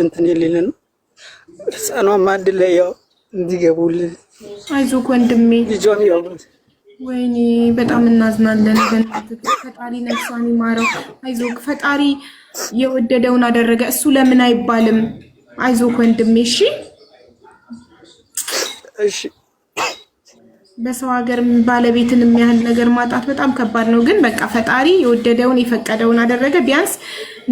እንትን የሌለ ነው። ህፃኗም አንድ ላይ ያው እንዲገቡልን አይዞህ ወንድሜ ልጇም ያው ወይኔ በጣም እናዝናለን። ፈጣሪ ነፍሷን ይማረው። አይዞህ ፈጣሪ የወደደውን አደረገ። እሱ ለምን አይባልም። አይዞህ ወንድሜ እሺ፣ እሺ። በሰው ሀገር ባለቤትን የሚያህል ነገር ማጣት በጣም ከባድ ነው። ግን በቃ ፈጣሪ የወደደውን የፈቀደውን አደረገ ቢያንስ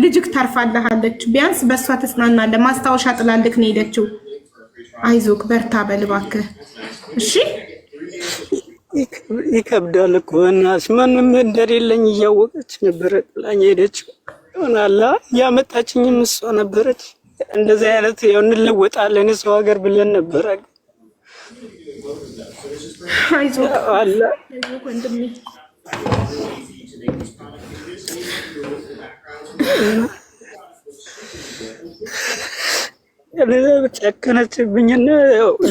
ልጅክ ታርፋለሃለች። ቢያንስ በእሷ ተጽናናለ። ማስታወሻ ጥላልክ ነው ሄደችው። አይዞክ በርታ በልባክ እሺ። ይከብዳል እኮ እናስ ምንም እንደሌለኝ እያወቀች ነበረ ጥላኝ ሄደችው። ይሆናላ ያመጣችኝም እሷ ነበረች። እንደዚህ አይነት ያው እንለወጣለን የሰው ሀገር ብለን ነበረ። አይዞክ አላ ለዛ ጨከነችብኝና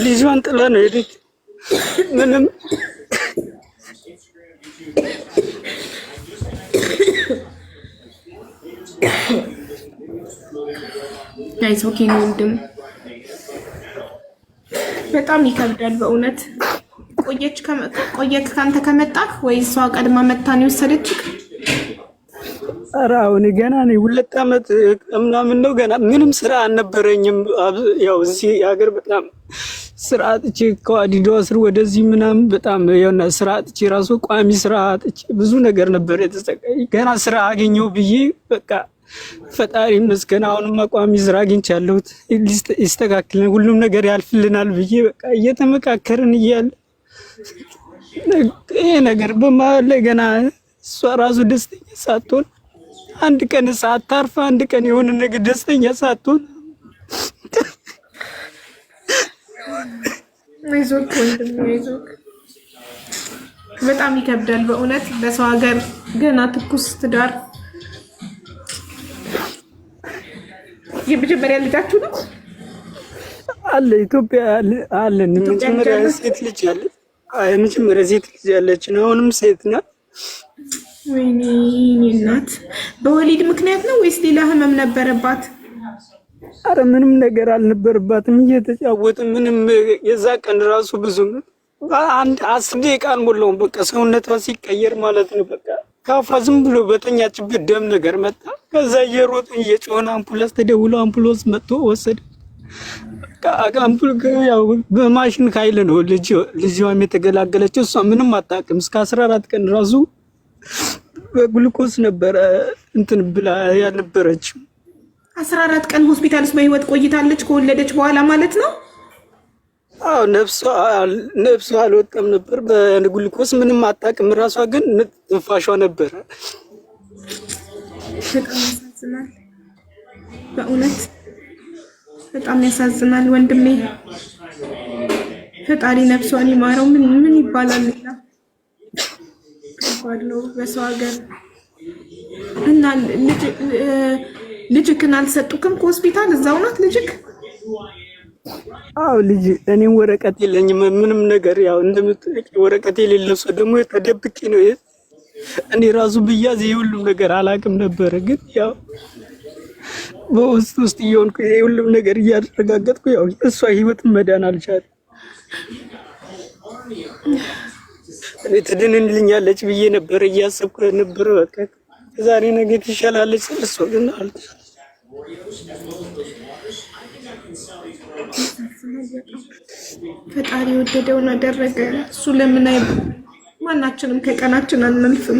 ልጇን ጥላ ነው ሄደች። ምንም ወንድም፣ በጣም ይከብዳል በእውነት ቆየች። ካንተ ከመጣህ ወይ እሷ ቀድማ መታን የወሰደችህ? ኧረ አሁን ገና ነኝ። ሁለት ዓመት ምናምን ነው ገና ምንም ስራ አልነበረኝም። ያው እዚህ ሀገር በጣም ስራ አጥቼ ከዋዲዶ ስር ወደዚህ ምናምን በጣም የሆነ ስራ አጥቼ ራሱ ቋሚ ስራ አጥቼ ብዙ ነገር ነበር የተሰቃይ። ገና ስራ አገኘው ብዬ በቃ ፈጣሪ ይመስገን፣ አሁንማ ቋሚ ስራ አግኝቻለሁት። ይስተካክልን፣ ሁሉም ነገር ያልፍልናል ብዬ በቃ እየተመካከርን እያለ ይሄ ነገር በመሀል ላይ ገና እሷ ራሱ ደስተኛ ሳትሆን አንድ ቀን ሳታርፍ፣ አንድ ቀን የሆነ ነገር ደስተኛ ሳትሆን አይዞክ ወንድም አይዞክ። በጣም ይከብዳል በእውነት በሰው ሀገር ገና ትኩስ ትዳር። የመጀመሪያ ልጃችሁ ነው አለ ኢትዮጵያ አለን። የመጀመሪያ ሴት ልጅ አለ የመጀመሪያ ሴት ልጅ ያለችን አሁንም ሴት ናት። ወይኔ እናት በወሊድ ምክንያት ነው ወይስ ሌላ ህመም ነበረባት? አረ ምንም ነገር አልነበረባትም። እየተጫወትን ምንም የዛ ቀን ራሱ ብዙ አንድ አስር ደቂቃ አልሞላውም። በቃ ሰውነቷ ሲቀየር ማለት ነው። በቃ ካፋ ዝም ብሎ በተኛችበት ደም ነገር መጣ። ከዛ እየሮጥን እየጮህን አምፑላንስ ተደውሎ አምፑላንስ መጥቶ ወሰደ። በማሽን ኃይል ነው ልጇም የተገላገለችው። እሷ ምንም አታውቅም። እስከ አስራ አራት ቀን ራሱ በግሉኮስ ነበረ እንትን ብላ ያልነበረችው። አስራ አራት ቀን ሆስፒታል ውስጥ በህይወት ቆይታለች ከወለደች በኋላ ማለት ነው። አዎ ነፍሱ አልወጣም ነበር በግሉኮስ ምንም አታውቅም። ራሷ ግን ትንፋሿ ነበረ። በእውነት በጣም ያሳዝናል ወንድሜ። ፈጣሪ ነፍሷን ይማረው። ምን ምን ይባላል? ከባድ ነው በሰው ሀገር እና ልጅክን አልሰጡክም ከሆስፒታል እዛው ናት ልጅክ አዎ ልጅ እኔም ወረቀት የለኝም ምንም ነገር ያው እንደምትጠቂ ወረቀት የሌለው ሰው ደግሞ ተደብቄ ነው እኔ ራሱ ብያዝ የሁሉም ነገር አላውቅም ነበረ ግን ያው በውስጥ ውስጥ እየሆንኩ የሁሉም ነገር እያረጋገጥኩ ያው እሷ ህይወት መዳን አልቻለም ትድንልኛለች ብዬ ነበር እያሰብኩ ነበር። በቃ ዛሬ ነገ ትሻላለች ስልሶ ግን አሉት። ፈጣሪ የወደደውን አደረገ። እሱ ለምን አይ ማናችንም ከቀናችን አናልፍም።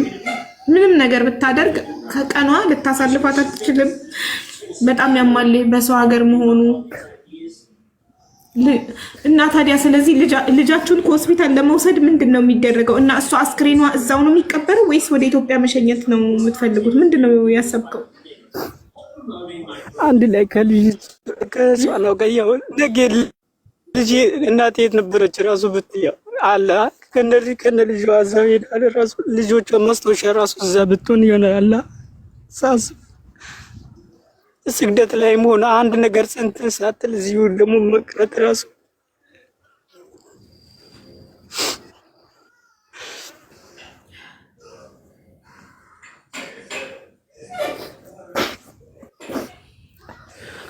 ምንም ነገር ብታደርግ ከቀኗ ልታሳልፋት አትችልም። በጣም ያማል በሰው ሀገር መሆኑ እና ታዲያ ስለዚህ ልጃችሁን ከሆስፒታል ለመውሰድ ምንድን ነው የሚደረገው? እና እሷ አስክሬኗ እዛው ነው የሚቀበረው ወይስ ወደ ኢትዮጵያ መሸኘት ነው የምትፈልጉት? ምንድን ነው ያሰብከው? አንድ ላይ ከልጅ ከእሷ ነው ቀያው ነገ ልጅ እናቴ የት ነበረች ራሱ ብትያ አለ ከነልጅ ከነልጅ እዛው ሄዳለ ራሱ ልጆቿ ማስታወሻ ራሱ እዛ ብትሆን ይሆናል አለ ሳስብ ስግደት ላይ መሆን አንድ ነገር ጽንትን ሳትል እዚሁ ደግሞ መቅረት ራሱ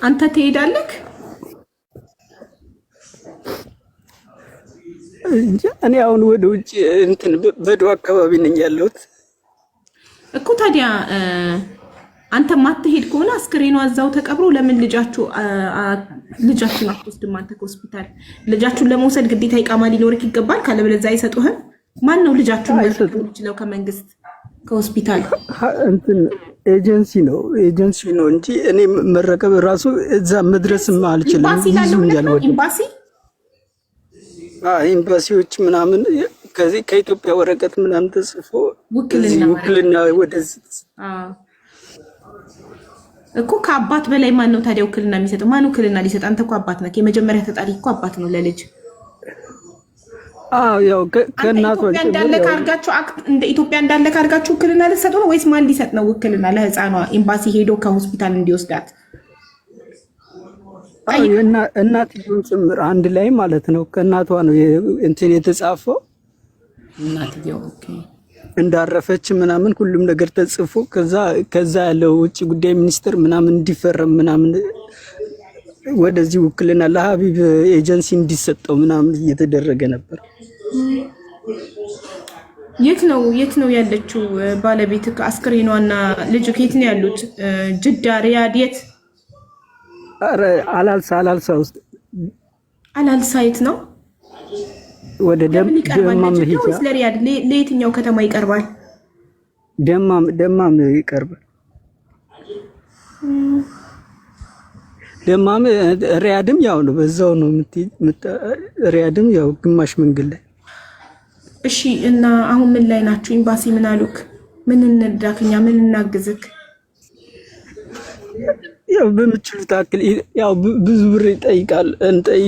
አንተ ትሄዳለህ። እኔ አሁን ወደ ውጭ እንትን በዶ አካባቢ ነኝ ያለሁት እኮ ታዲያ አንተ ማትሄድ ከሆነ አስክሬኗ እዛው ተቀብሮ ለምን ልጃችሁ ልጃችሁን አትወስድም? አንተ ከሆስፒታል ልጃችሁን ለመውሰድ ግዴታ ይቃማ ሊኖርክ ይገባል። ካለበለዚያ አይሰጡህም። ማን ነው ልጃችሁን የሚችለው? ከመንግስት ከሆስፒታል እንትን ኤጀንሲ ነው ኤጀንሲ ነው እንጂ እኔ መረከብ ራሱ እዛ መድረስም አልችልም። ኤምባሲ ኤምባሲዎች ምናምን ከዚህ ከኢትዮጵያ ወረቀት ምናምን ተጽፎ ውክልና ወደዚህ እኮ ከአባት በላይ ማን ነው ታዲያ ውክልና የሚሰጠው? ማን ውክልና ሊሰጥ? አንተ እኮ አባት ነህ። የመጀመሪያ ተጣሪ እኮ አባት ነው ለልጅ። ኢትዮጵያ እንዳለ ካርጋችሁ ውክልና ልትሰጡ ነው ወይስ ማን ሊሰጥ ነው ውክልና ለህፃኗ? ኤምባሲ ሄዶ ከሆስፒታል እንዲወስዳት እናትየውን ጭምር አንድ ላይ ማለት ነው። ከእናቷ ነው እንትን የተጻፈው እናትየው እንዳረፈች ምናምን ሁሉም ነገር ተጽፎ ከዛ ከዛ ያለው ውጭ ጉዳይ ሚኒስትር ምናምን እንዲፈረም ምናምን ወደዚህ ውክልና ለሀቢብ ኤጀንሲ እንዲሰጠው ምናምን እየተደረገ ነበር። የት ነው የት ነው ያለችው? ባለቤት አስክሬኗና ልጅ ከየት ነው ያሉት? ጅዳ፣ ሪያድ የት? አላልሳ አላልሳ ውስጥ አላልሳ የት ነው ወደ ደም ደማም ሂጃ ለሪያድ ለየትኛው ከተማ ይቀርባል? ደማም ደማም ይቀርባል። ደማም ሪያድም ያው ነው፣ በዛው ነው። ሪያድም ያው ግማሽ መንገድ ላይ። እሺ። እና አሁን ምን ላይ ናችሁ? ኤምባሲ ምን አሉክ? ምን እንርዳክ? ምን እናግዝክ? ያው በምችሉት አክል ያው ብዙ ብር ይጠይቃል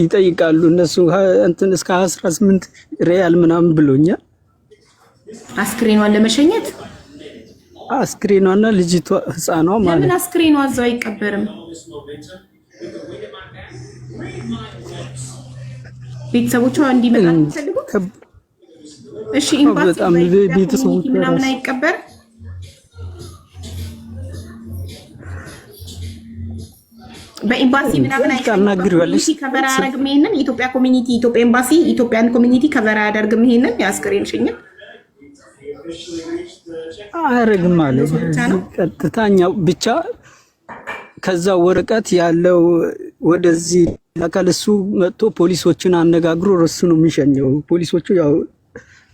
ይጠይቃሉ እነሱ እንትን እስከ 18 ሪያል ምናምን ብሎኛል። አስክሬኗን ለመሸኘት አስክሬኗና ልጅቷ ህፃኗ ማለት ለምን አስክሬኗ እዛው አይቀበርም? ቤተሰቦቿ እንዲመጣ ፈልጉ። እሺ ኢምባሲ ምናምን አይቀበር በኤምባሲ ምናምን አይቀናግሪዋለሽ ከቨር ይሄንን የኢትዮጵያ ኮሚኒቲ ኢትዮጵያ ኤምባሲ ኢትዮጵያን ኮሚኒቲ ከቨር አያደርግም። ይሄንን ያስክሬን ሽኝት አያደርግም አለ ቀጥታኛ ብቻ ከዛ ወረቀት ያለው ወደዚህ አካል እሱ መጥቶ ፖሊሶችን አነጋግሮ እሱ ነው የሚሸኘው። ፖሊሶቹ ያው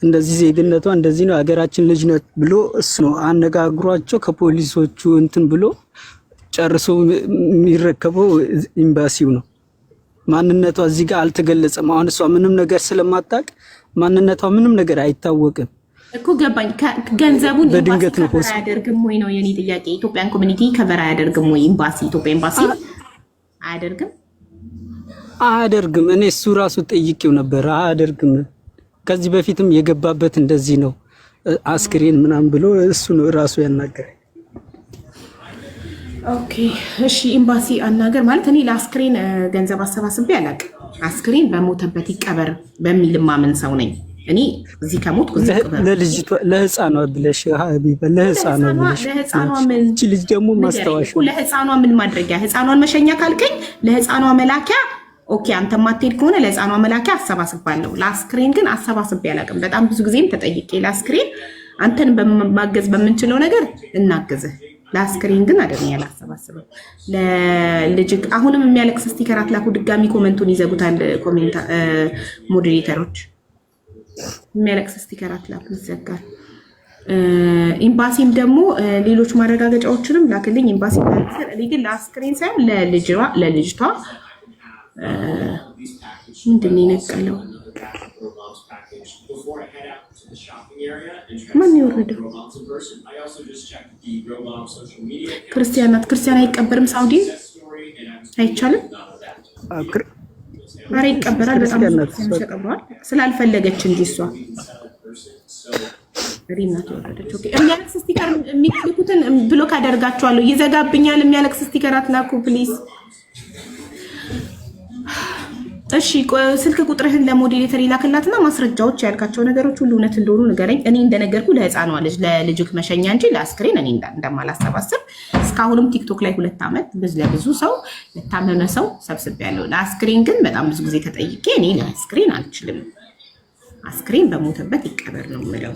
እንደዚህ ዜግነቷ እንደዚህ ነው ሀገራችን ልጅነት ብሎ እሱ ነው አነጋግሯቸው ከፖሊሶቹ እንትን ብሎ ጨርሶ የሚረከበው ኤምባሲው ነው። ማንነቷ እዚህ ጋር አልተገለጸም። አሁን እሷ ምንም ነገር ስለማታቅ ማንነቷ ምንም ነገር አይታወቅም እኮ ገባኝ። ገንዘቡን በድንገት ነው ሆስ አያደርግም ወይ ነው የኔ ጥያቄ። ኢትዮጵያን ኮሚኒቲ ከበር አያደርግም ወይ ኤምባሲ? ኢትዮጵያ ኤምባሲ አያደርግም አያደርግም። እኔ እሱ ራሱ ጠይቄው ነበር። አያደርግም። ከዚህ በፊትም የገባበት እንደዚህ ነው አስክሬን ምናምን ብሎ እሱ ነው ራሱ ያናገረኝ። ኦኬ እሺ፣ ኤምባሲ አናገር ማለት እኔ ለአስክሬን ገንዘብ አሰባስቤ አላውቅም። አስክሬን በሞተበት ይቀበር በሚል ማምን ሰው ነኝ እኔ። እዚህ ከሞት ለህፃኗ ብለሽ ለህፃኗ ብለሽ እቺ ልጅ ደግሞ ማስታወሻ ለህፃኗ ምን ማድረጊያ፣ ህፃኗን መሸኛ ካልከኝ ለህፃኗ መላኪያ ኦኬ፣ አንተ ማትሄድ ከሆነ ለህፃኗ መላኪያ አሰባስባለሁ። ለአስክሬን ግን አሰባስቤ አላውቅም። በጣም ብዙ ጊዜም ተጠይቄ ለአስክሬን አንተን በማገዝ በምንችለው ነገር እናግዝህ ለአስክሬን ግን አደ ያላሰባስበው። ለልጅ አሁንም የሚያለቅስ ስቲከር አትላኩ። ድጋሚ ኮመንቱን ይዘጉታል። ሞዴሬተሮች የሚያለቅስ ስቲከር አትላኩ፣ ይዘጋል። ኤምባሲም ደግሞ ሌሎች ማረጋገጫዎችንም ላክልኝ። ኤምባሲ እኔ ግን ለአስክሬን ሳይሆን ለልጅቷ ምንድን ነው ይነቀለው ማን የወረደው? ክርስቲያናት ክርስቲያን አይቀበርም። ሳውዲ አይቻልም። ኧረ uh, ይቀበራል። በጣም ተቀብረዋል። ስላልፈለገች እንጂ እሷ የሚያለቅስ ስቲከር የሚልኩትን ብሎክ አደርጋቸዋለሁ። ይዘጋብኛል። የሚያለቅስ ስቲከር አትላኩ ፕሊዝ። እሺ ስልክ ቁጥርህን ለሞዴሬተር ይላክላትና ማስረጃዎች ያልካቸው ነገሮች ሁሉ እውነት እንደሆኑ ንገረኝ። እኔ እንደነገርኩ ለህፃኗ ልጅ ለልጅክ መሸኛ እንጂ ለአስክሬን እኔ እንደማላሰባስብ እስካሁንም ቲክቶክ ላይ ሁለት ዓመት ለብዙ ሰው ለታመመ ሰው ሰብስብ ያለው ለአስክሬን ግን በጣም ብዙ ጊዜ ተጠይቄ እኔ ለአስክሬን አልችልም። አስክሬን በሞተበት ይቀበር ነው የምለው።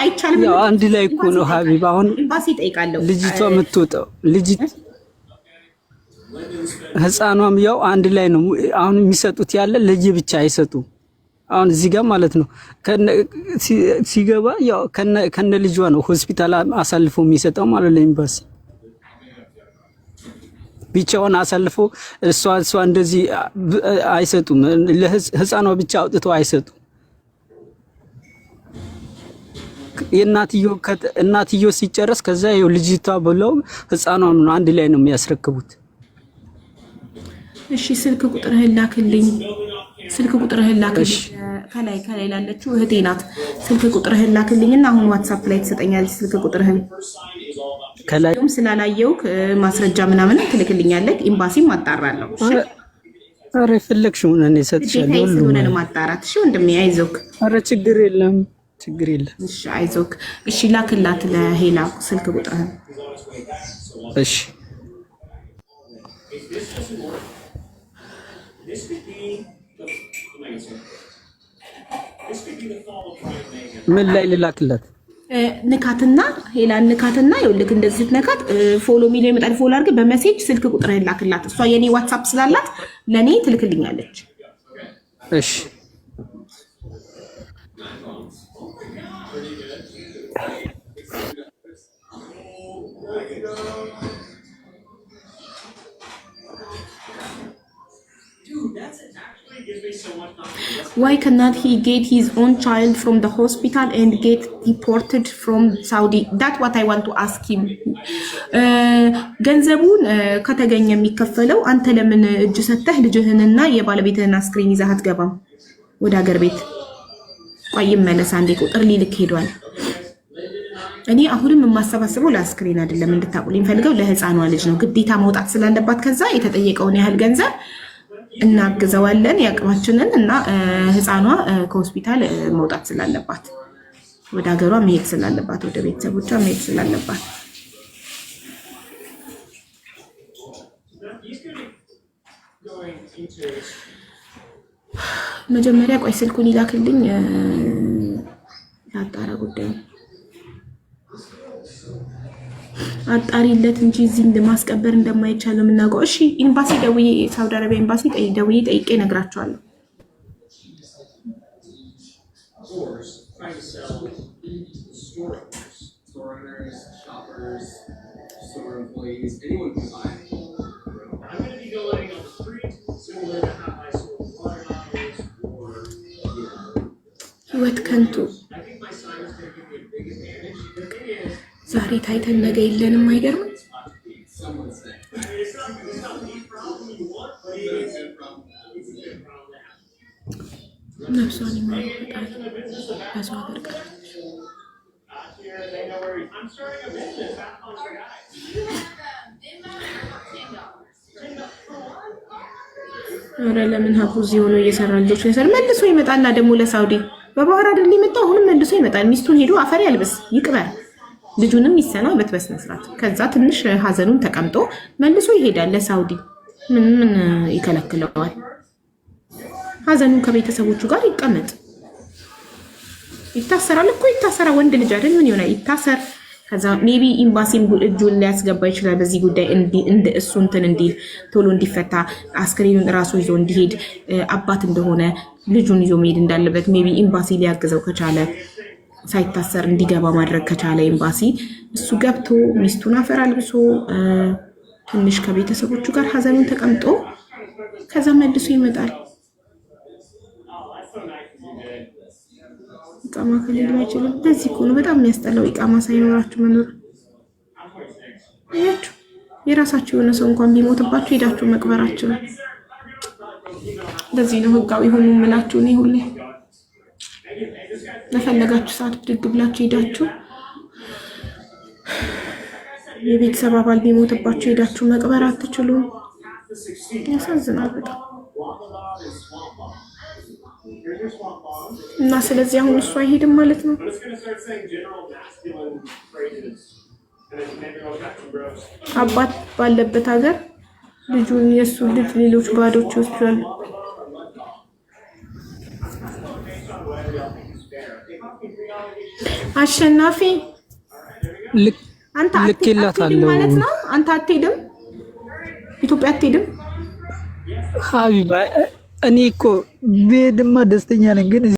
አይቻልም። አንድ ላይ እኮ ነው ሀቢብ። አሁን ኤምባሲ ይጠይቃለሁ ልጅቷ የምትወጣው ልጅ ህፃኗም ያው አንድ ላይ ነው አሁን የሚሰጡት ያለ ለጂ ብቻ አይሰጡም። አሁን እዚህ ጋር ማለት ነው ሲገባ ያው ከነ ልጇ ነው ሆስፒታል አሳልፎ የሚሰጠው ማለት ለኤምባሲ ብቻውን አሳልፎ እሷ እሷ እንደዚህ አይሰጡም። ለህፃኗ ብቻ አውጥተው አይሰጡም። እናትዮ ሲጨረስ ከዛ ልጅቷ ብለው ህፃኗን አንድ ላይ ነው የሚያስረክቡት። እሺ ስልክ ቁጥርህን ላክልኝ። ስልክ ቁጥርህን ላክልኝ። ከላይ ከላይ ላለችው እህቴ ናት። ስልክ ቁጥርህን እና አሁን ዋትሳፕ ላይ ትሰጠኛለች። ስልክ ቁጥርህን ከላይም ስላላየው ማስረጃ ምናምን ትልክልኛለህ። ኤምባሲም አጣራለሁ። አረ የፈለግሽውን እኔ እሰጥሻለሁ። ሁሉንም ማጣራት። እሺ ወንድሜ አይዞክ። አረ ችግር የለም ችግር የለም። እሺ አይዞክ። እሺ ላክላት ለሄላ ስልክ ቁጥርህን እሺ ምን ላይ ልላክለት? ንካትና ሄላን ንካትና ይኸውልህ እንደዚህ ስትነካት ፎሎ ሚሊዮን ይመጣል። ፎሎ አድርገህ በመሴጅ ስልክ ቁጥርህን ላክላት። እሷ የኔ ዋትሳፕ ስላላት ለእኔ ትልክልኛለች። እሺ Why cannot he get his own child from the hospital and get deported from Saudi? That's what I want to ask him. Uh, ገንዘቡን uh, ከተገኘ የሚከፈለው አንተ ለምን እጅ ሰተህ ልጅህንና የባለቤትህን አስክሬን ይዘህ አትገባም ወደ ሀገር ቤት? ቆይ ይመለስ አንዴ፣ ቁጥር ሊልክ ሄዷል። እኔ አሁንም የማሰባስበው ለአስክሬን አይደለም፣ እንድታቁልኝ ፈልገው ለህፃኗ ልጅ ነው። ግዴታ መውጣት ስላለባት ከዛ የተጠየቀውን ያህል ገንዘብ እናግዘዋለን የአቅማችንን እና ህፃኗ ከሆስፒታል መውጣት ስላለባት ወደ ሀገሯ መሄድ ስላለባት ወደ ቤተሰቦቿ መሄድ ስላለባት መጀመሪያ ቆይ ስልኩን ይላክልኝ የአጣራ ጉዳይ አጣሪለት እንጂ እዚህ ማስቀበር እንደማይቻል ነው የምናውቀው። እሺ ኤምባሲ ደውዬ ሳውዲ አረቢያ ኤምባሲ ደውዬ ጠይቄ እነግራቸዋለሁ። ህይወት ከንቱ ዛሬ ታይተን ነገ የለንም። አይገርምም? ነፍሷን ይማሩ ፈጣሪ ሀገር ቀር ኧረ ለምን ሀፉ እዚህ ሆኖ እየሰራ ልጆች ይሰር መልሶ ይመጣና ደግሞ ለሳውዲ በባህር አይደል ሊመጣ አሁንም መልሶ ይመጣል። ሚስቱን ሄዶ አፈር ያልብስ ይቅበር። ልጁንም ይሰናበት በስነ ከዛ ትንሽ ሀዘኑን ተቀምጦ መልሶ ይሄዳል ለሳውዲ። ምን ምን ይከለክለዋል? ሀዘኑን ከቤተሰቦቹ ጋር ይቀመጥ። ይታሰራል እኮ ይታሰራ። ወንድ ልጅ አይደል? ምን ይሆናል? ይታሰር። ከዛ ሜቢ ኢምባሲም እጁን ሊያስገባ ይችላል። በዚህ ጉዳይ እንደ እሱ እንትን እንዲል ቶሎ እንዲፈታ አስክሬኑን እራሱ ይዞ እንዲሄድ አባት እንደሆነ ልጁን ይዞ መሄድ እንዳለበት ሜቢ ኢምባሲ ሊያግዘው ከቻለ ሳይታሰር እንዲገባ ማድረግ ከቻለ ኤምባሲ እሱ ገብቶ ሚስቱን አፈር አልብሶ ትንሽ ከቤተሰቦቹ ጋር ሀዘኑን ተቀምጦ ከዛ መልሶ ይመጣል። ኢቃማ ከሌሉ አይችልም። በዚህ ከሆኑ በጣም የሚያስጠላው፣ ኢቃማ ሳይኖራችሁ መኖር። አያችሁ፣ የራሳችሁ የሆነ ሰው እንኳን ቢሞትባችሁ ሄዳችሁ መቅበራችሁ ለዚህ እንደዚህ ነው ህጋዊ ሆኑ የምላችሁ እኔ ሁሌ በፈለጋችሁ ሰዓት ብድግ ብላችሁ ሄዳችሁ የቤተሰብ አባል ቢሞትባችሁ ሄዳችሁ መቅበር አትችሉም። ያሳዝናል በጣም እና ስለዚህ አሁን እሱ አይሄድም ማለት ነው። አባት ባለበት ሀገር ልጁን የእሱ ልጅ ሌሎች ባዶች ይወስዳሉ። አሸናፊ አንተ ይላታለሁ ማለት ነው። አንተ አትሄድም፣ ኢትዮጵያ አትሄድም። ሀቢባ እኔ እኮ ብሄድማ ደስተኛ ነኝ ግን